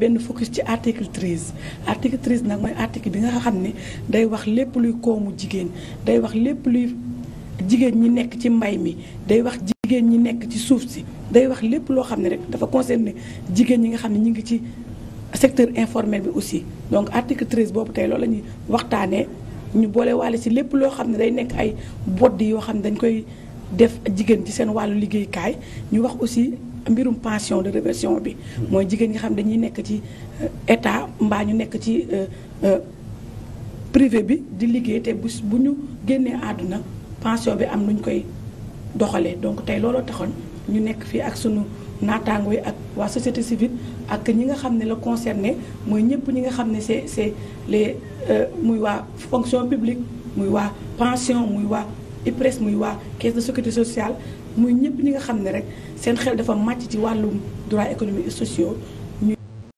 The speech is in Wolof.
benn focus ci article 13 article 13 nag mooy article bi nga xam ne day wax lépp luy koomu jigéen day wax lépp luy jigéen ñi nekk ci mbay mi day wax jigéen ñi nekk ci suuf si day wax lépp loo xam ne rek dafa concerné jigéen ñi nga xam ne ñu ngi ci secteur informel bi aussi donc article 13 boobu tey lool la ñuy waxtaanee ñu boole waale ci lépp loo xam ne day nekk ay boddi yoo xam ne dañ koy def jigéen ci seen wàllu liggéeykaay ñu wax aussi mbirum pension de réversion bi mooy jigéen ñi xam dañuy nekk ci euh, état mbaa ñu nekk ci euh, euh, privé bi di liggéey te bu bu ñu génnee àdduna pension bi am nuñ koy doxalee donc tey looloo taxoon ñu nekk fii ak sunu naataango yi ak waa société civile ak ñi nga xam ne la concerné mooy ñëpp ñi nga xam ne c'est c'est les muy waa fonction publique muy waa pension muy waa IPRES muy waa caisse de sécurité sociale muy ñëpp ñi nga xam ne rek seen xel dafa màcc ci wàllu droit économique et sociaux